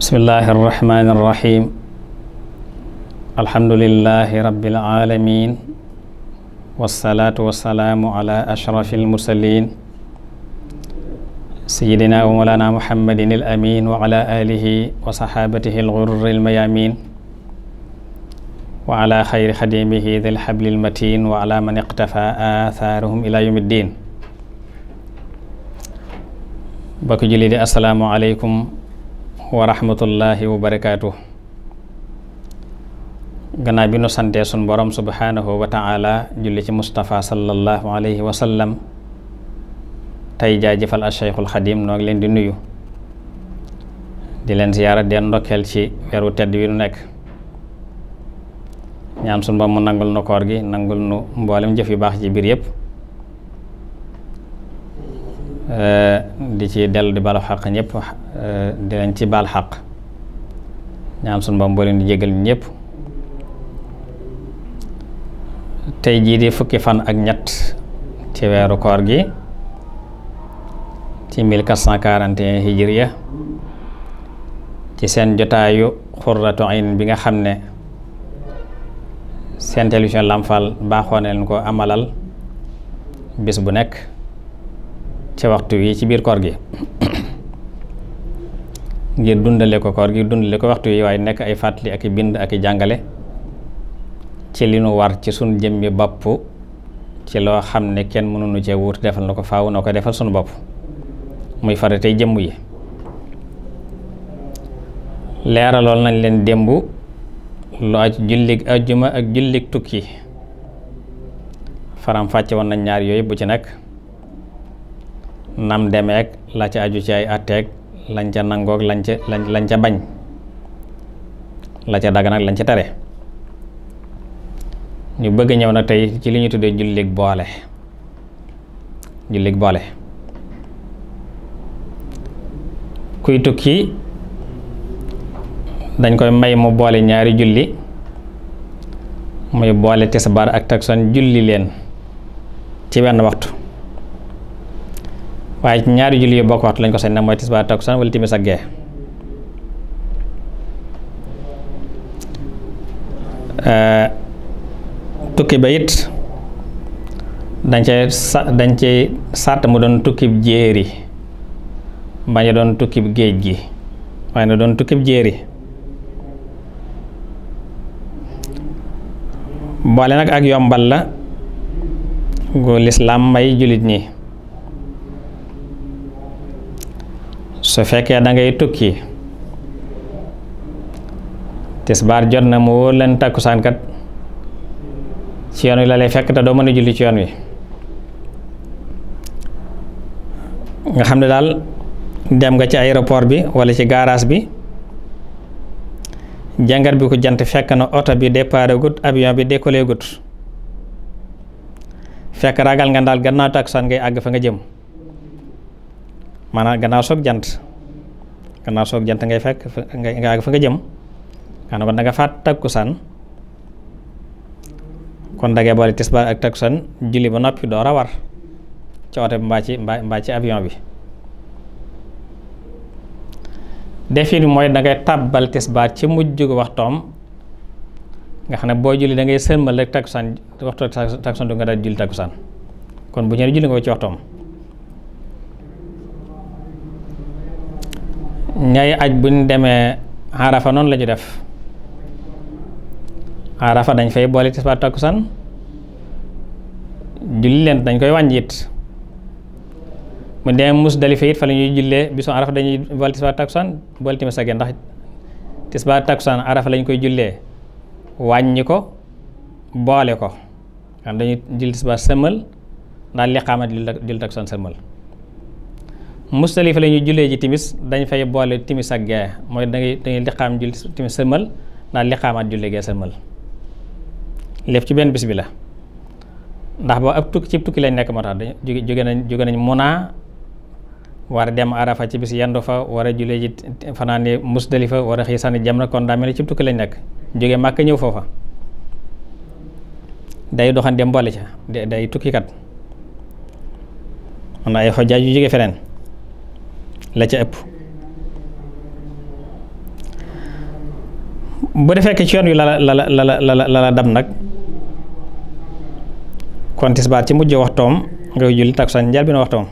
bismillahi irrahmani irrahim alhamdulilahi rabbil alamin wasalaatu wasalaamu ala ashrafi almursalin sayyidina wa mawlana muhammadin al amin wa ala alihi wa saxaabatihi al ghurri al mayamin wa ala xayri xadimihi dil xabli al matin wa ala man iqtafa athaarahum ila yawmi ddin bokk julli di assalaamu aleykum wa rahmatullahi wa barakaatuh gannaaw bi nu santee sun borom subhaanahu wa taala julli ci Mustafa sallallahu alayhi wa sallam tey jaajëfal ak Cheikhul Xadim noo leen di nuyu di leen ziyaara den ndokkeel ci weeru tedd wi nu nekk ñaan sunu mu nangul nu koor gi nangul nu mboolem jëf yu baax ci biir yépp eh, di ci dellu di balu xaq ñëpp eh, di leen ci bal xaq ñaan sunu ba mboolem ñépp tey jii di fukki fan ak ñett ci weeru koor gi ci 1441 hijriya ci seen jotaayu xurratu ayn bi nga xam ne seen télévision Lamfal baaxoo na leen ko amalal bés bu nekk ci waxtu wi ci biir koor gi ngir dundale ko koor gi dundale ko waxtu yi waaye nekk ay fàttali ak bind ak jàngale ci li nu war ci sunu jëmmi bopp ci loo xam ne kenn mënuñu cee wuut defal na ko faaw noo ko defal sunu bopp muy faratey jëmb yi leeralool nañ leen démb lu aj jullig ajjuma ak jullig tukki faram fàcce woon nañ ñaar yooyu bu ci nekk nam demeek la ca aju ci ay atteeg lañ ca nangoog lañ ca lañ ca bañ la ca daga nag lañ ca tere ñu bëgg ñëw na tey ci li ñu tuddee jullig boole jullig boole kuy tukki dañ koy may mu boole ñaari julli muy boole tisbaar ak takkusaan julli leen ci benn waxtu waaye ci ñaari julli yu bokk waxtu lañ ko sañ nag mooy tisbaar takkusaan wala timis ak gee tukki ba it dañ cee sa dañ cee sàtt mu doon tukki jéeri bañ a doon tukkib géej gi waaye na doon tukkib jéeri boole nag ak yombal la gu lislaam may jullit ñi su fekkee dangay tukki tisbaar jot na mu wóor leen takkusaan kat ci yoon wi la lay fekk te doo mën a julli ci yoon wi nga xam ne daal dem nga ci aéroport bi walla ci garage bi jàngat bi ko jant fekk na oto bi départ gut avion bi décollé gut fekk ragal nga daal gannaaw takkusaan ngay àgg fa nga jëm maanaam gannaaw soog jant gannaaw soog jant ngay fekk nga àgg fa nga jëm xanaa kon da nga faat takkusaan kon da ngay boole tisbaar ak takkusaan julli ba noppi doo a ci oto bi mbaa ci mbaa ci avion bi defin mooy da ngay tàbbal tisbaar ci mujj gu waxtoom nga xam ne boo julli da ngay sëlmal rek takkusaan waxtu takkusaan du nga daal julli takkusaan kon bu ñëwee julli nga ko ci waxtoom ñay aj buñ demee arafa noonu la ñu def arafa dañ fay boole tisbaar takkusaan julli leen dañ koy wàññi mu dem Musdalifa it fa la ñuy jullee bisu arafa dañuy boole tisbaar takkusaan boole timis ak gee ndax tisbaar takkusaan arafa lañ koy jullee wàññi ko boole ko xam dañuy julli tisbaar sëmmal daal liqaama julli takkusaan sëmmal Musdalifa la ñuy jullee ji timis dañ fay boole timis ak gee mooy dangay dangay liqaam julli timis sëmmal daal liqaamaat julli gee lépp ci benn bis bi la ndax ba ab tukki ci tukki lañ nekk moo tax dañu jóge jóge nañ munaa war a dem arafa ci bis yendu fa war a julee ji fanaane musdalifa war a xëy sànni jamra kon daa mel ci tukki lañ nekk jóge màkk ñëw foofa day doxan dem boole ca day tukkikat man ay xojjaaj yu jóge feneen la ca ëpp bu defee ke ci yoon wi la la la la la la dab nag kon tisbaar ci mujj waxtoom nga julli takkusaan njaal bi na waxtoom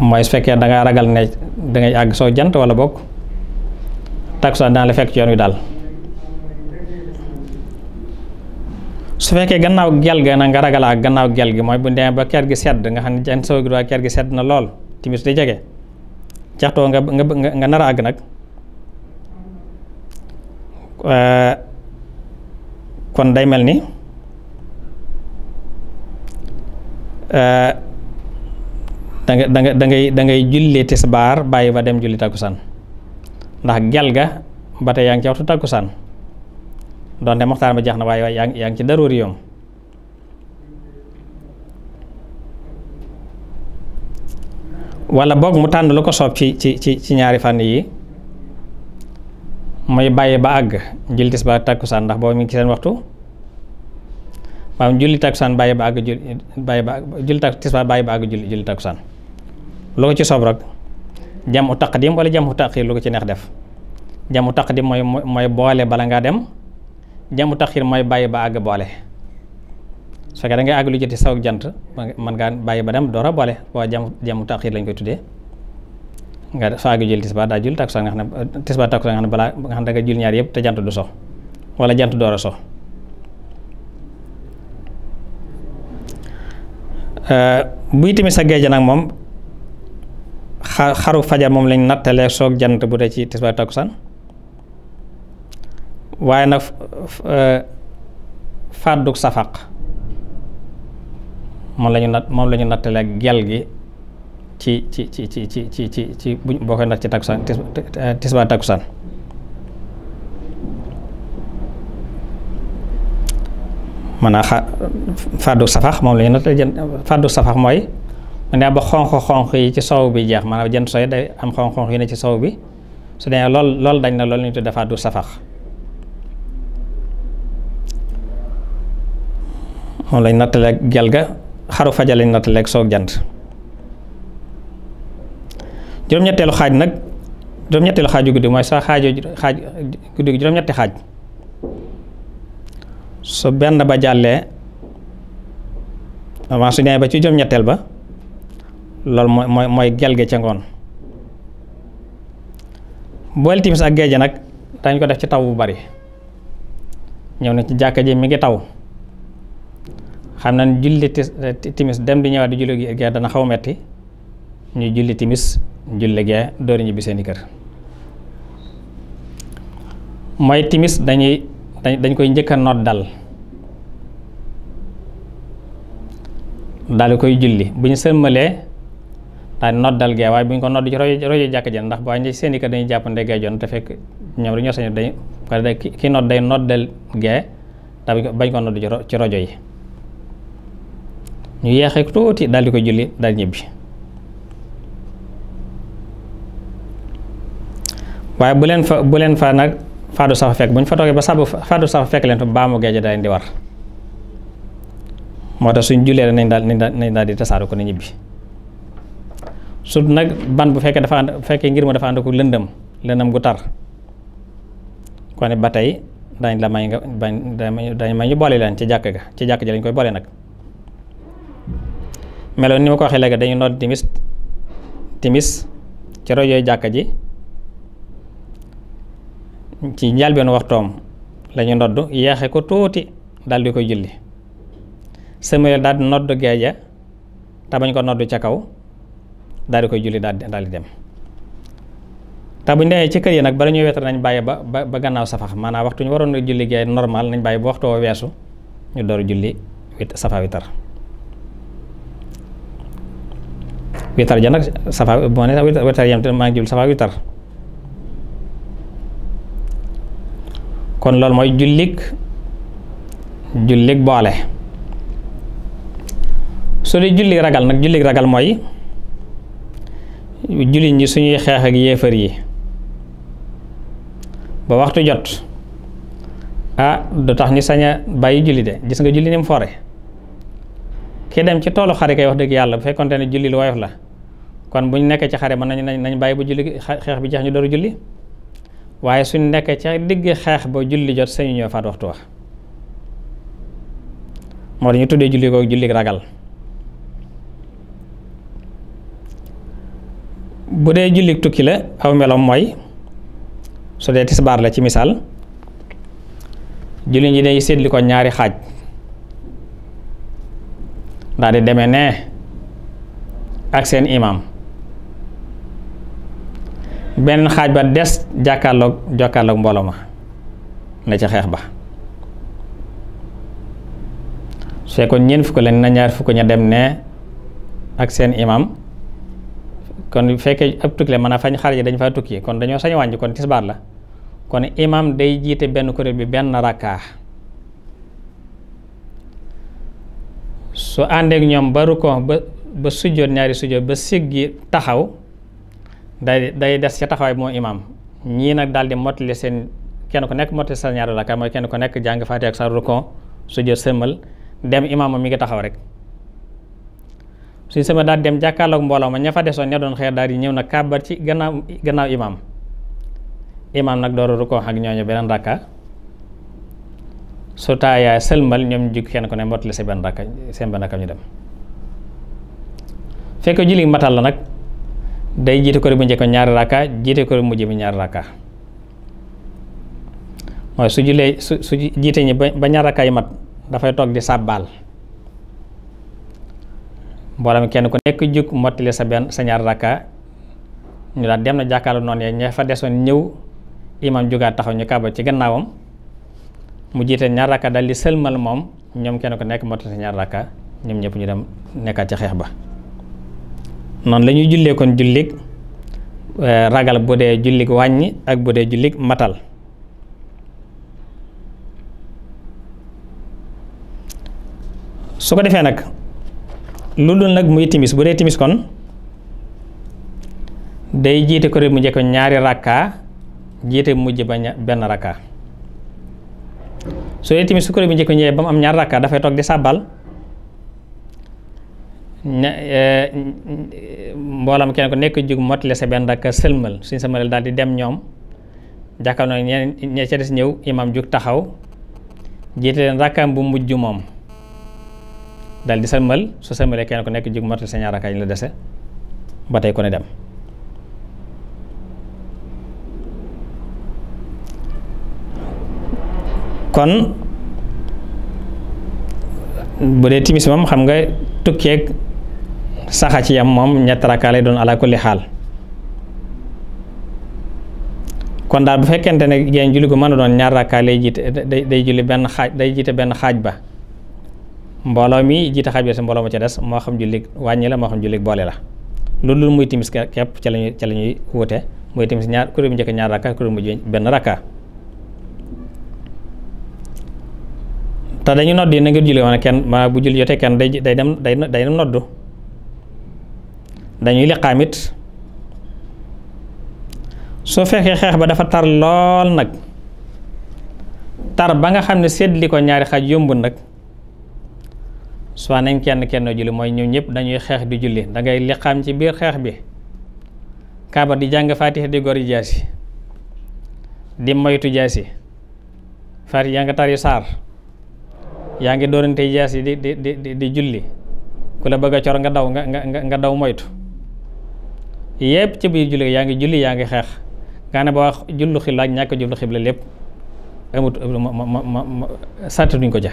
mooy su fekkee da ragal ne dangay àgg soo jant wala bokk takkusaan dana la fekk ci yoon wi daal su fekkee gannaaw gel ga nag nga ragalaa ak gannaaw gel gi mooy bu demee ba ker gi sedd nga xam ne jant soo gi waa ker gi sedd na lool timis di jege jaxtoo nga nga nga nar a àgg nag eh, kon day mel ni eh, da dangay dangay nga da ngay da julli tisbaar bàyyi ba dem julli takkusaan ndax gel ga ba te yaa ngi ci waxtu takkusaan donte moxtaar ba jeex na waaye waaye yaa ngi ci daruuri yoom wala boog mu tànn lu ko soob ci ci ci ñaari fànn yi mooy bàyyi ba àgg julli tisbaar takkusaan ndax boobu mi ngi waxtu maanaam julli takkusaan bàyyi ba àgg julli bàyyi ba julli tisbaar bàyyi ba àgg julli julli takkusaan lu ko ci soob rek jamu taqdim wala jamu taxir lu ko ci neex def jamu taqdim mooy mooy boole bala ngaa dem jamu taxir mooy bàyyi ba àgg boole su fekkee da àgg lu jëti saw jant mën ngaa bàyyi ba dem door a boole jamu jamu taxir lañ koy tuddee nga soo àgg jël tisbaar daa jul takkusaan nga xam ne tisbaar takkusaan nga xam ne balaa nga xam ne da nga jul ñaar yëpp te jant du so wala jant door a so euh, buy tamit sa géej nag moom xaru fajar moom lañ nattalee soog jant bu dee ci tisbaar takkusaan waaye nag eh, fàddug safaq moom lañu nat moom la ñu nattalee gel gi ci ci ci ci ci ci ci ci boo koy nat ci takkusaan eh, tisbaar takkusaan maanaam fàddug safax moom la ñu nattalee jant fàddug safax mooy mu ne ba xonq-xonq yi ci sow bi jeex maanaam jën soo day am xonq-xonq yi ne ci sow bi su dee lool lool dañ na loolu ñu tuddee dafa du safax moom lañ nattaleeg gel ga xaru faja lañ nattaleeg soog jant juróom-ñetteelu xaaj nag juróom-ñetteelu xaaju sa xaaju xaaj guddi gi juróom-ñetti xaaj su benn ba jàllee avant su nee ba ci juróom-ñetteel ba loolu mooy mooy mooy gel gi ca ngoon boole timis ak géej nag dañ ko def ci taw bu bari ñëw na ci jàkka ji mi ngi taw xam na ne julli timis dem di ñëwaat di julli gee dana xaw metti ñu julli timis julli gee doori ñibbi seeni kër mooy timis dañuy dañ koy njëkka noot dal di koy julli bu ñu sëmmalee daal noddal gee waaye bu ñu ko nodd ci rojo rojo jàkk jën ndax waaye ñi seen i kër dañuy jàpp ndegee jon te fekk ñoom dañoo sañ dañ ko ki nodd day noddal gee ndax ci rojo yi ñu yeexee daal di ko julli daal bu leen fa bu leen fa nag faadu safa bu ñu fa toogee ba sabu faadu safa fekk leen fa baamu geejo daal di war moo tax suñ jullee nañ daal di tasaaru ko ne ñibbi su nag ban bu fekkee dafa ànd bu fekkee ngir ma dafa ànd ko lëndëm lëndëm gu tar kon ba tey dañ la may nga bañ dañ may boole leen ci jàkk ga ci jàkk ji lañ koy boole nag meloon ni ma ko waxee léegi dañu nodd timis timis ci rajo jàkk ji ci njëlbeen waxtoom lañu nodd yeexe ko tuuti dal di koy julli sëmëyal daal nodd geeja te bañ ko nodd ca kaw daal di koy julli daal daal di dem te bu ñu ci kër yi nag bala ñuy wetar nañ bàyyi ba ba gannaaw safax maanaam waxtu ñu waroon julli gi normal nañ bàyyi ba waxtu weesu ñu door julli wit safa witar ja safa boo ne maa ngi julli safa witar kon loolu mooy jullik jullik boole su dee jullik ragal nag jullik ragal mooy jullit ñi suñuy xeex ak yéefar yi ba waxtu jot a ah, du tax ñi sañ a bàyyi julli de gis nga julli ni mu fore ki dem ci toolu xare kay wax dëgg yàlla bu fekkonte ne julli lu woyof la kon buñ nekkee ci xare mën nañ nañu bàyyi bu julli xeex bi jeex ñu dooru julli waaye suñu nekkee ci digg xeex ba julli jot sañu ñoo faat waxtu wax moo dañu tuddee julli ko julli ragal bu dee jullik tukki la aw meloom mooy su dee tisbaar la ci misaal julli yi day séddli ko ñaari xaaj daal di demee nee ak seen imaam benn xaaj ba des jàkkaarloog jokkaarloog mbooloo ma na ci xeex ba su fekkoon ñeent fukk la na ñaar fukk ña dem nee ak seen imaam kon bu fekkee ab tukki la a fañ xaar ji dañ faa tukki kon dañoo sañ wàññi kon tisbaar la kon imam day jiite benn kuréel bi benn rakkaa su àndeek ñoom ba rukkoo ba ba ñaari sujjoot ba siggi taxaw day day des ca taxawaay bi moom imam ñii nag daal di mottali seen kenn ku nekk mottali sa ñaari rakkaa mooy kenn ku nekk jàng faati ak sa rukkoo sujjoot sëmmal dem imam mi ngi taxaw rek suñ sama daal dem jàkkaarloog mbooloo ma ña fa desoon ña doon xeer daal di ñëw nag kàbbar ci gannaaw gannaaw imaam imaam nag dooru rukkoo ak ñooñu beneen rakka su taayaa sëlmal ñoom ñu jug kenn ku ne mottali sa rakka seen benn rakka ñu dem fekk julli matal la nag day jiite ko bu njëkk ñaari rakka jiite ko mujj bi ñaari rakka mooy su julee su su jiite ñi ba ñaari rakka yi mat dafay toog di sàbbaal mboolem kenn ku nekk jug mottali sa benn sa ñaar rakka ñu daal dem na jàkkaarloo noonu yee ña fa desoon ñëw imam jugaat taxaw ñu kaba ci gannaawam mu jiite ñaar rakka daal di sëlmal moom ñoom kenn ku nekk mottali sa ñaar rakka ñoom ñëpp ñu dem nekkaat ci xeex ba noonu lañuy ñuy jullee kon jullig eh, ragal bu dee jullig wàññi ak bu dee jullig matal su ko defee nag lu dul nag muy timis bu dee timis kon day jiite kuréel bu njëkk ñaari rakka jiite mujj ba benn rakka su dee timis su kuréel bu njëkk ñëwee ba mu am ñaari rakka dafay toog di sàbbal eh, mboolam kenn ku nekk jóg mottali sa benn rakka sëlmal suñ sëlmal daal di dem ñoom jàkkaarloo ñeneen ña ca des ñëw imaam jug taxaw jiite leen rakkaam bu mujj moom dal di sëlmal su sëlmalee kenn ku nekk jig motal sa ñaar rakkaay ñu la dese ba tey ku ne dem xam nga tukkeeg saxa ci yam moom ñett rakkaa doon ala xaal kon daal bu fekkente ne génn julli ko mën a doon ñaar rakkaa lay jiite day julli benn xaaj day jiite benn xaaj ba mbooloo mi jiite xaaj bi des mbooloo ca des moo xam julli wàññi la moo xam julli boole la loolu muy timis képp ca lañuy ca la ñuy wute muy timis ñaar kuréel bu njëkk ñaar rakka kuréel bu mujj benn rakka te dañu nodd yi na ngir julli woon kenn ma bu julli jotee kenn day day dem day day dem noddu dañuy liqaam it su fekkee xeex ba dafa tar lool nag tar ba nga xam ne séddli ko ñaari xaj yombul nag soit nañ kenn kenn julli mooy ñoom ñëpp dañuy xeex di julli da ngay liqaam ci biir xeex bi kaaba di jàng faatiha di gor jaasi di moytu jaasi faatiha yaa ngi tari saar yaa ngi doorante jaasi di di di di julli ku la bëgg a cor nga daw nga nga nga daw moytu yëpp ci biir julli yaa ngi julli yaa ngi xeex nga ne ba wax jullu xibla ak ñàkk jullu xibla lépp amut ma ma ma sàtt duñ ko ja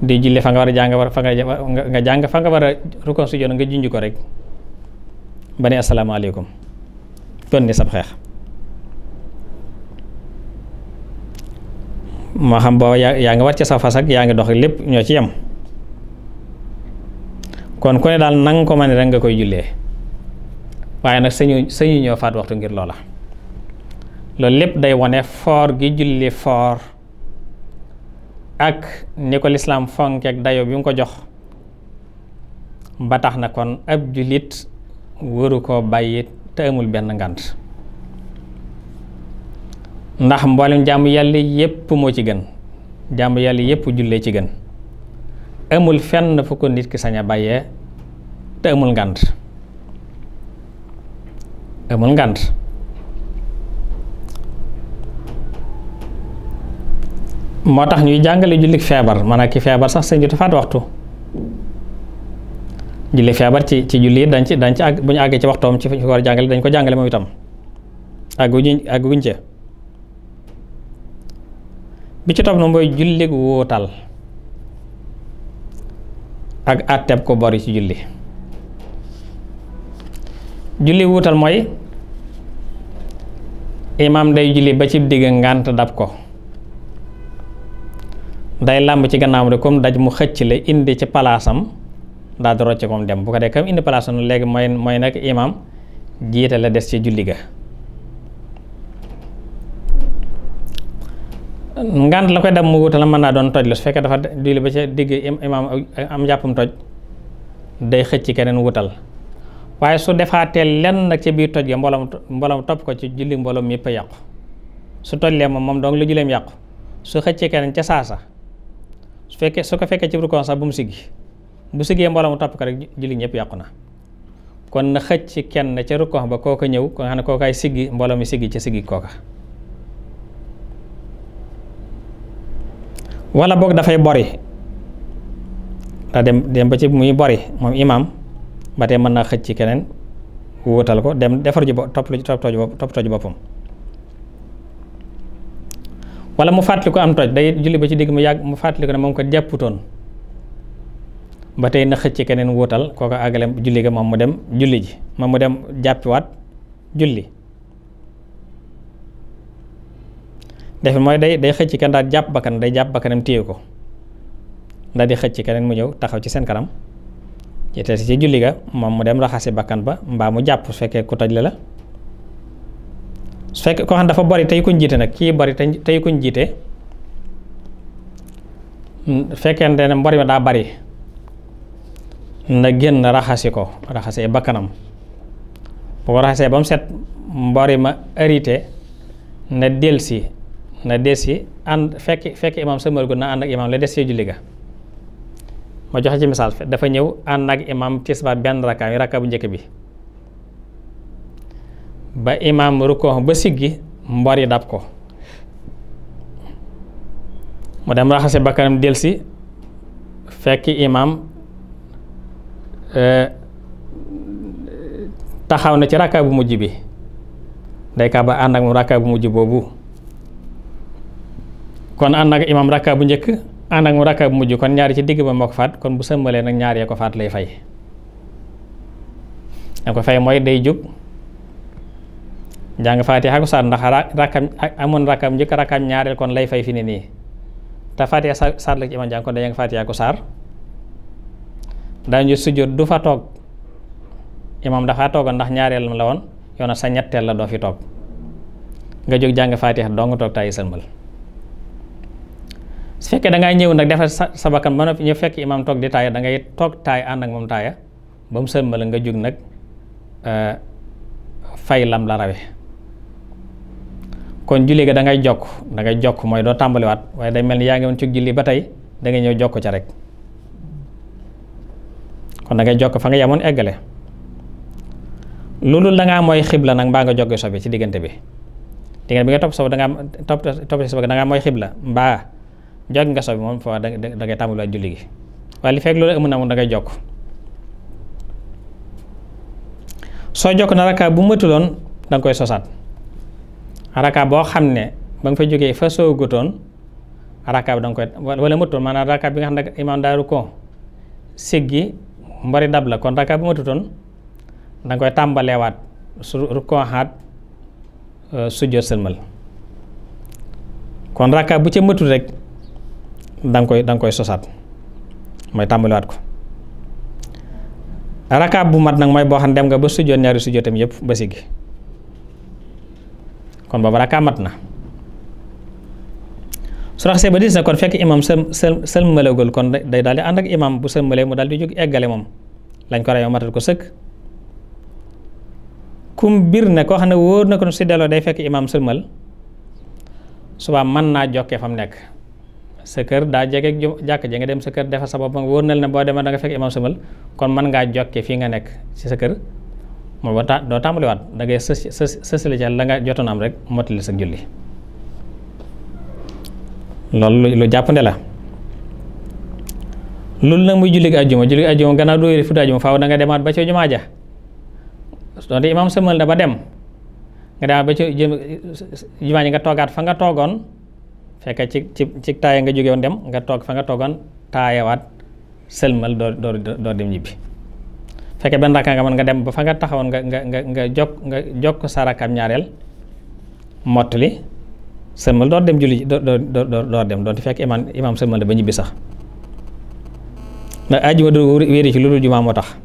di julli fa nga war a jàng war fa nga nga jàng fa nga war a rukon su joon nga junj ko rek ba ne asalaamaaleykum kon ni sab xeex moo xam boo yaa ngi war ci sa fas ak yaa ngi dox lépp ñoo ci yem kon ku ne daal nang ko mën rek nga koy jullee waaye nag sañu sañu ñoo faat waxtu ngir loola loolu lépp day wone foor gi julli foor ak ni ko lislaam fonk ak dayo bi mu ko jox ba tax na kon ab jullit waru ko bàyyi te amul benn ngant ndax mboolem jàmm yàlla yépp moo ci gën jàmb yàlla yépp jullee ci gën amul fenn fu ko nit ki sañ bàyyee te amul ngant amul ngant moo tax ñuy jàngale julli feebar maanaam ki feebar sax sëñ bi dafa waxtu julli feebar ci ci julli dañ ci dañ ci àgg bu ñu àggee ci waxtoom ci fi war a jàngale dañ ko jàngale moom itam àgguñu àgguñ ci topp na mooy jullig wóotal ak àtteeb ko bor ci julli julli wuutal mooy imaam day julli ba ci digg ngànt dab ko day làmb ci gannaawam rek comme daj mu xëcc la indi ci palaasam daal di rocce moom dem bu ko dee kam indi palaasam léegi mooy mooy nag imaam jiite la des ci julli ga ngànt la koy dem mu wutal mën naa doon toj la su fekkee dafa julli ba ca digg imaam am njàppam toj day xëcc keneen wutal waaye su defaatee lenn nag ci biir toj ga mbooloom mbooloom topp ko ci julli mbooloom yëpp a yàqu su toj lee moom moom dong la julleem yàqu su xëccee keneen ca saa sa fekkee su ko fekkee ci rukkoo sax bu mu siggi bu siggee mbooloo mu topp ko rek julli ñëpp yàqu na kon na xëcc kenn ca rukkoo ba kooka ñëw ko nga xam ne kookaay sigg mbooloo mi siggi ca siggi kooka walla boog dafay bori ndax dem dem ba ci muy bori moom imaam ba tey mën naa xëcc ci keneen wuutal ko dem defar ju topp toppatoo ju boppam wala mu fàttaliku ko am toj day julli ba ci digg mu yàgg mu fàttali ne moom ko jàpputoon ba tey na xëcc keneen wóotal kooko àggale julli ga moom mu dem julli ji moom mu dem jàppiwaat julli def mooy day day xëcc kenn daal jàpp bakkan day jàpp bakkanam téye ko ndax di xëcc keneen mu ñëw taxaw ci seen kanam ci te ci julli ga moom mu dem raxasi bakkan ba mbaa mu jàpp su fekkee ku toj la la su fekkee koo xam dafa bari tey kuñ jiite nag kii bari tey ku kuñ jiite mm, fekkente ne mbori mi daa bari na génn raxasi ko raxasee bakkanam bu ko raxasee ba mu set mbori ma arité na delsi na delsi ànd fekk fekk imaam sëmal gu na ànd ak imaam la des ci julli ga ma joxe ci misaal dafa ñëw ànd ak imaam tisbaar benn rakkaam yi rakka bu njëkk bi ba imaam rukkoo ba siggi mbori dab ko mu dem raxase bakkanam delsi fekk imaam e, taxaw na ci rakka bu mujj bi day ka ba ànd ak moom rakka bu mujj boobu kon ànd ak imaam rakka bu njëkk ànd ak moom rakka bu mujj kon ñaari ci digg ba moo ko faat kon bu sëmbalee nag ñaar yee faat lay fay da ko fay mooy day jóg njàng fatiha ko saar ndax rakkam amoon rakkam njëkk rakkam ñaareel kon lay fay fi ne nii te fatiha saar la ci iman jàng kon da jàng fatiha ko saar daañu sujjóot toog imam dafa toogoon ndax ñaareelam la woon yoona sa ñetteel la doo fi toog nga jóg jàng fatiha dong toog tàyyi sëlmal su fekkee da ngay ñëw nag defar sa bakkan ba noppi ñu fekk imam toog di taaya da toog taay ànd ak moom taaya bam mu sëlmal nga jóg nag euh, fay lam la rawe kon julli ga da ngay jokk da ngay jokk mooy doo tàmbaliwaat waaye day mel ni yaa ngi woon ci julli ba tey dangay ñëw jokk ca rek kon da ngay jokk fa nga yemoon eggale loolu da ngaa mooy xibla nag mbaa nga jogge sobe ci diggante bi diggante bi nga topp sobe da ngaa topp topp sobe da ngaa mooy mbaa jog nga sobe moom fa da ngay tàmbaliwaat julli gi waaye li fekk loolu amun amul da ngay jokk soo jokk na rakka bu mëtuloon da koy sosaat raka boo xam ne ba nga fa jógee fa soogutoon raka bi da koy wala mëtutoon maanaam raka bi nga xam ne imaam daaru ko siggi mbari dab la kon raka bi koy tàmbaleewaat su rukkooxaat euh, sujjóot sëlmal bu ca rek da nga koy koy sosaat mooy ko raka bu mat nag mooy boo xam ne dem nga ba sujjóot ñaari sujjóotam yëpp ba siggi kon booba rakkaa mat na su raxasee ba diis na kon fekk imam sël sël sëlmalagul kon day daal di ànd ak imam bu sëlmalee mu daal di jóg eggale moom lañ ko reyoo matal ko sëkk kum bir ne koo xam ne wóor na ko si delloo day fekk imam sëlmal subaa mën naa jokkee fa nekk sa kër daa jege jàkk ja nga dem sa kër defar sa bopp wóor na la boo demee da nga fekk imam sëlmal kon mën ngaa jokkee fii nga nekk ci sa kër mooy ba taa doo tàmbaliwaat da ngay sës sës sësali ca la nga jotoon am rek mottali sa julli loolu lu jàppande la loolu nag muy julli ajjuma julli ajjuma gannaaw doo yëre demaat ba ca jumaa ja doonte imaam sëmal na ba dem nga demaat ba ca jumaa ji nga toogaat fa nga toogoon fekk ci ci ci taaya nga jóge dem nga toog fa nga toogoon taayawaat sëlmal doo doo doo dem ñibbi fekkee benn rakka nga mën nga dem ba fa nga taxawoon nga nga nga nga jokk nga jokk sa ñaareel mott li sëlmal door dem julli door door door dem doon fekk imaam imaam sëlmal na ba ñibbi sax ndax ajjuma ci lu dul jumaa tax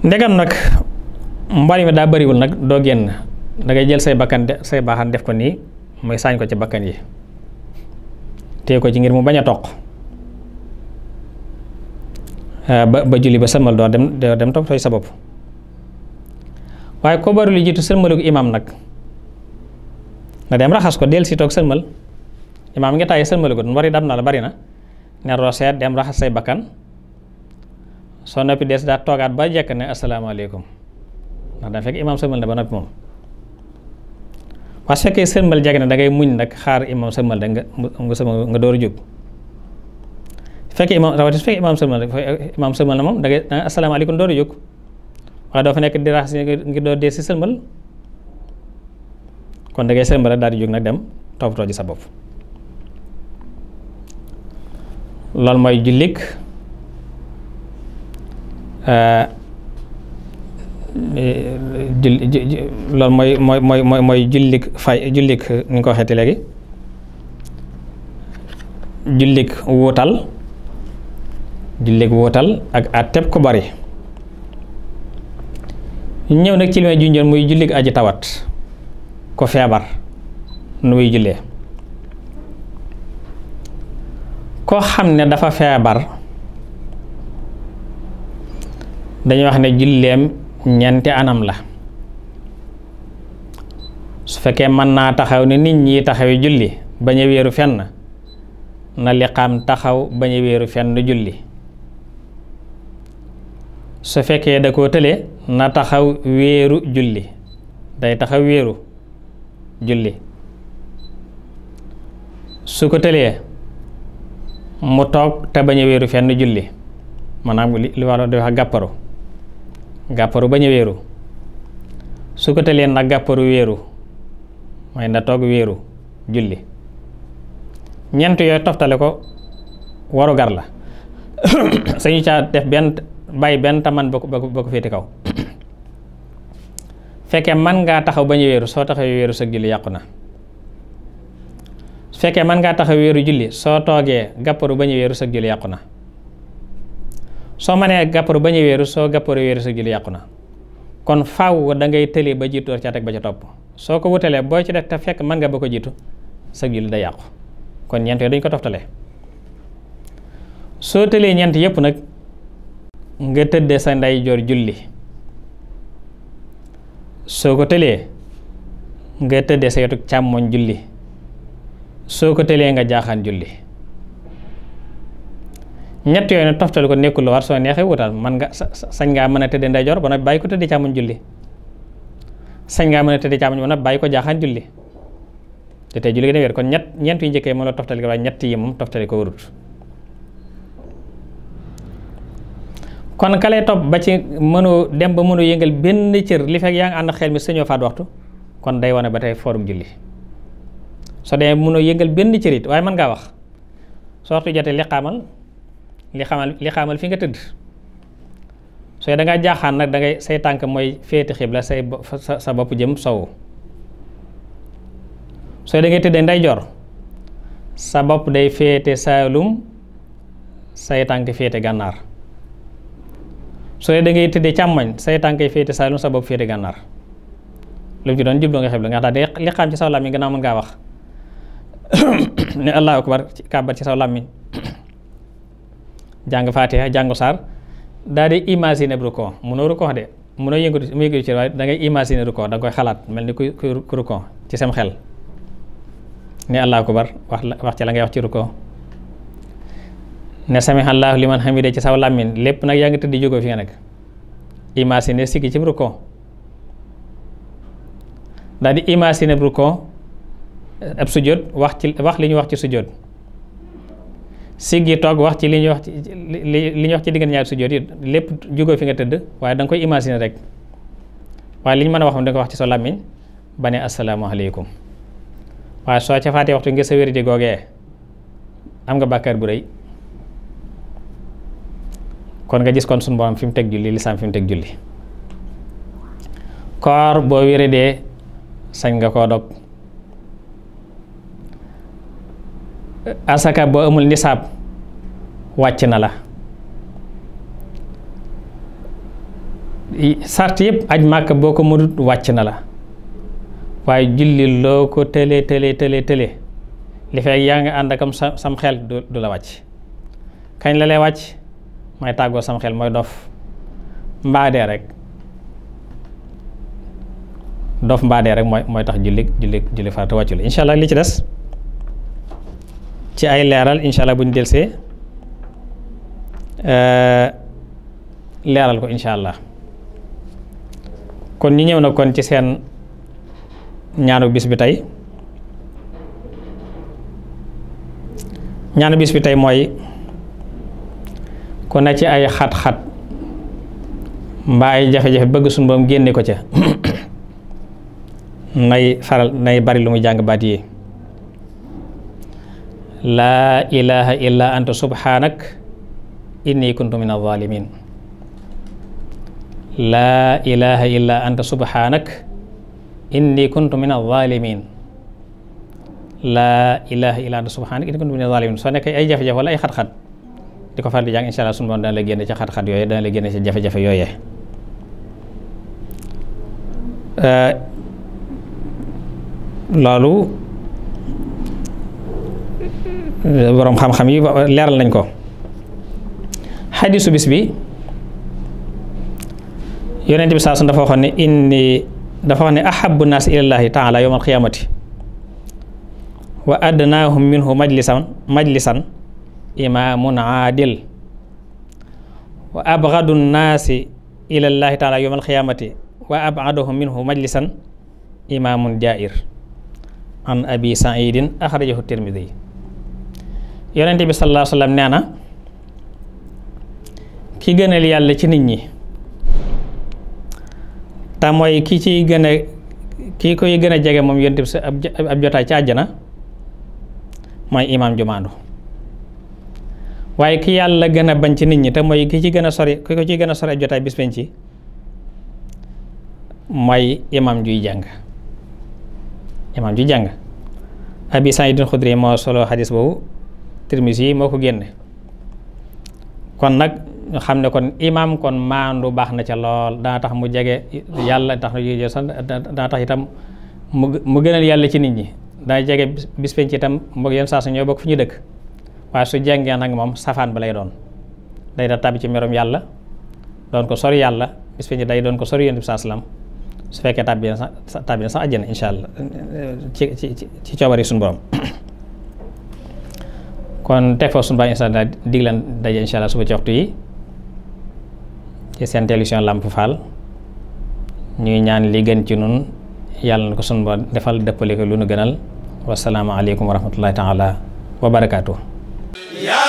ndegam nag mbari mi daa bariwul nag doo génn dangay jël say bakkan say baaxaan def ko nii muy saañ ko ci bakkan yi téye ko ci ngir mu bañ a toq Euh, ba ba julli ba sëlmal doo dem doo dem toppatooy sa bopp waaye koo bari lu jiitu sëlmalu imaam nag nga dem raxas ko dell si toog sëlmal imaam nga tàyyi sëlmalu ko na la bari na ne roseet say bakkan noppi des daa toogaat ba jekk ne asalaamaaleykum ndax daa fekk imaam sëlmal na ba noppi moom waaye su fekkee sëlmal jege na da muñ nag xaar imaam sëlmal da nga door jóg fekkee imaam rawatina su fekkee imaam sëlmal rek imaam sëlmal na moom da ngay asalaamaaleykum door doo nekk di raxas ngir doo dee si sëlmal kon da ngay sëlmal rek daal di jóg nag dem toppatoo ji sa bopp loolu mooy jullik eh, loolu mooy mooy mooy mooy jullik ni ko waxeeti léegi jullik wuutal julleek wootal ak àtteeb ko bari ñëw nag ci li junjoon muy julleek aji tawat ko feebar nu muy jullee koo xam ne dafa feebar dañuy wax ne julleem ñeenti anam la su fekkee mën naa taxaw ne nit ñi taxawi julli bañ a wéeru fenn na liqaam taxaw bañ a fenn julli su fekkee da koo tële na taxaw wéeru julli day taxaw wéeru julli su ko tëlee mu toog te bañ a wéeru fenn julli maanaam li wàllu di wax gàpparu gàpparu bañ a su ko tëlee nag gàpparu wéeru mooy na toog wéeru julli ñent yooyu toftale ko warugar la sañu caa def benn bàyyi benn taman ba ko ba ko féete kaw fekkee man ngaa taxaw ba ñu wéeru soo taxawee wéeru sa julli yàqu na su fekkee ngaa taxaw weeru julli soo toogee gàpparu ba ñu wéeru sa julli yàqu na soo manee gàpparu ba ñu wéeru soo gàpparu wéeru sa julli yàqu na kon faaw da ngay tëli ba jiitu ca teg ba ca topp soo ko wutalee boo ci def te fekk man nga ba ko jiitu sa julli day yàqu kon ñeent yooyu dañ ko toftalee soo tëlee ñeent yëpp nag nga tëddee sa ndeyjoor julli soo ko tëlee nga tëddee sa wetu càmmoñ julli soo ko tëlee nga jaaxaan julli ñett yooyu ne toftal ko nekkul lu war soo neexee wutal man nga sañ ngaa mën a tëddee ndeyjoor ba ak bàyyi ko tëddee càmmoñ julli sañ ngaa mën a tëddee càmmoñ ba noppi bàyyi ko jaaxaan julli te tey julli gi ne weer kon ñett ñeent yu njëkkee moom la toftali ko waaye ñett yi moom toftali ko warut kon ka lay topp ba ci mënu dem ba mënu yëngal benn cër li fekk yaa ngi ànd xel mi sañoo faat waxtu kon day wane ba tey forum julli soo demee mënoo yëngal benn cër it waaye mën ngaa wax soo waxtu jotee li xaamal li xaamal li xaamal fi nga tëdd soo da ngaa jaaxaan nag da say tànk mooy féete xibla say sa bopp jëm sowu soo dangay ngay tëddee ndeyjoor sa bopp day féete saalum say tànk féete gànnaar su dee da ngay tëddee càmmoñ say tànk yi féete saalum sa bopp féete gànnaar lu ci doon jubloo nga xeb la nga xam ne li xam ci saw làmmiñ gannaaw ngaa wax ne allahu akbar ci saw làmmiñ jàng faatiha jàngu saar daa di imaginer rukkoo mënoo rukkoo de mënoo yëngatu mu yëngatu ci waaye da ngay imaginer rukkoo da koy xalaat mel ni ku ku rukkoo ci sam xel ne allahu akbar wax wax ci la ngay wax ci rukkoo ne sami allahu liman hamida ci saw làmmiñ lépp nag yaa ngi tëdd jógoo fi nga nekk imagine sikki ci rukkoo daal di imagine rukkoo ab sujjóot wax ci wax li ñu wax ci sujjóot siggi toog wax ci li ñuy wax ci li ñuy wax ci diggante ñaar sujjóot yi lépp jógoo fi nga tëdd waaye danga koy imaginer rek waaye li ñu mën a wax moom da wax ci sa làmmiñ ba ne asalaamaaleykum waaye soo ca faatee waxtu ngir sa wér di googee am nga bàkkaar bu rëy kon nga gis kon sunu borom fi mu teg julli lislaam fi mu teg julli koor boo wéradee sañ nga koo dog asaka boo amul nisaab wàcc na la sart yëpp aj màkk boo ko mënut wàcc na la waaye julli loo ko tële tële tële li fekk yaa ngi ànd am sam xel du la wàcc kañ la lay wàcc may tàggoo sama xel mooy dof mbaadee rek dof mbaadee rek mooy mooy tax julli julli julli farata wàccu la incha allah li ci des ci ay leeral incha allah bu ñu delsee euh, leeral ko incha allah kon ñu ñëw na kon ci seen ñaanu bis bi tey ñaanu bis bi tey mooy ku ne ci ay xat-xat mbaa ay jafe-jafe bëgg suñu boom génne ko ca nay faral bari lu muy jàng baat yi laa ilaha illa anta subhanak inni kuntu min alzalimin laa ilaha illa anta subhanak inni kuntu min alzalimin laa ilaha illa anta subhanak inni kuntu soo nekk ay jafe-jafe wala ay xat-xat di ko faral di jàng incha allah sunu borom dana la génne ci xat-xat yooye dana la génne ci jafe-jafe yooye eh, loolu boroom xam-xam yi leeral nañ ko xadisu bis bi yonent bi saasun dafa waxoon ne inni dafa wax ne ahabu naas ilallaahi taala yowm alqiyamati wa adnaahum minhu majlisan majlisan imaamun aadil wa abgadu nnaasi ila llaahi taala yowm alxiyaamati wa abaduhum minhu majlisan imaamun jaair an abi saidin axrajahu tirmidi yonente bi sallallahu alayhi wa sallam nee na ki gënal yàlla ci nit ñi te ki ciy gën ki koy gën a jege moom yonente bi ab jotaay ci àjjana mooy imaam jumaandu waaye ki yàlla gën a bañ ci nit ñi te mooy ki ci gën a sori ki ko ci gën a sori jotaay bis penc ci mooy imam juy jàng imam juy jàng abi saidin xudri moo solo xadis boobu tirmisi yi moo ko génne kon nag ñu xam ne kon imam kon maandu baax na ca lool dana tax mu jege yàlla tax dana tax itam mu mu gënal yàlla ci nit ñi dana jege bis penc itam mbokk yenn saa su ñoo bokk fi ñu dëkk waaye su jengee nag moom safaan ba lay doon day da tàbbi ci merum yàlla doon ko sori yàlla bis fi ñu day doon ko sori yonent bi saa salaam su fekkee tàbbi na sa tàbbi na sax allah ci ci ci coobari suñu borom kon teg foofu suñu baa incha allah dig leen daje incha allah suba ci waxtu yi ci seen télévision Lamp Fall ñuy ñaan li gën ci nun yàlla na ko suñu ba defal dëppale ko lu nu gënal wasalaamaaleykum wa rahmatullahi taala wa barakaatu. ya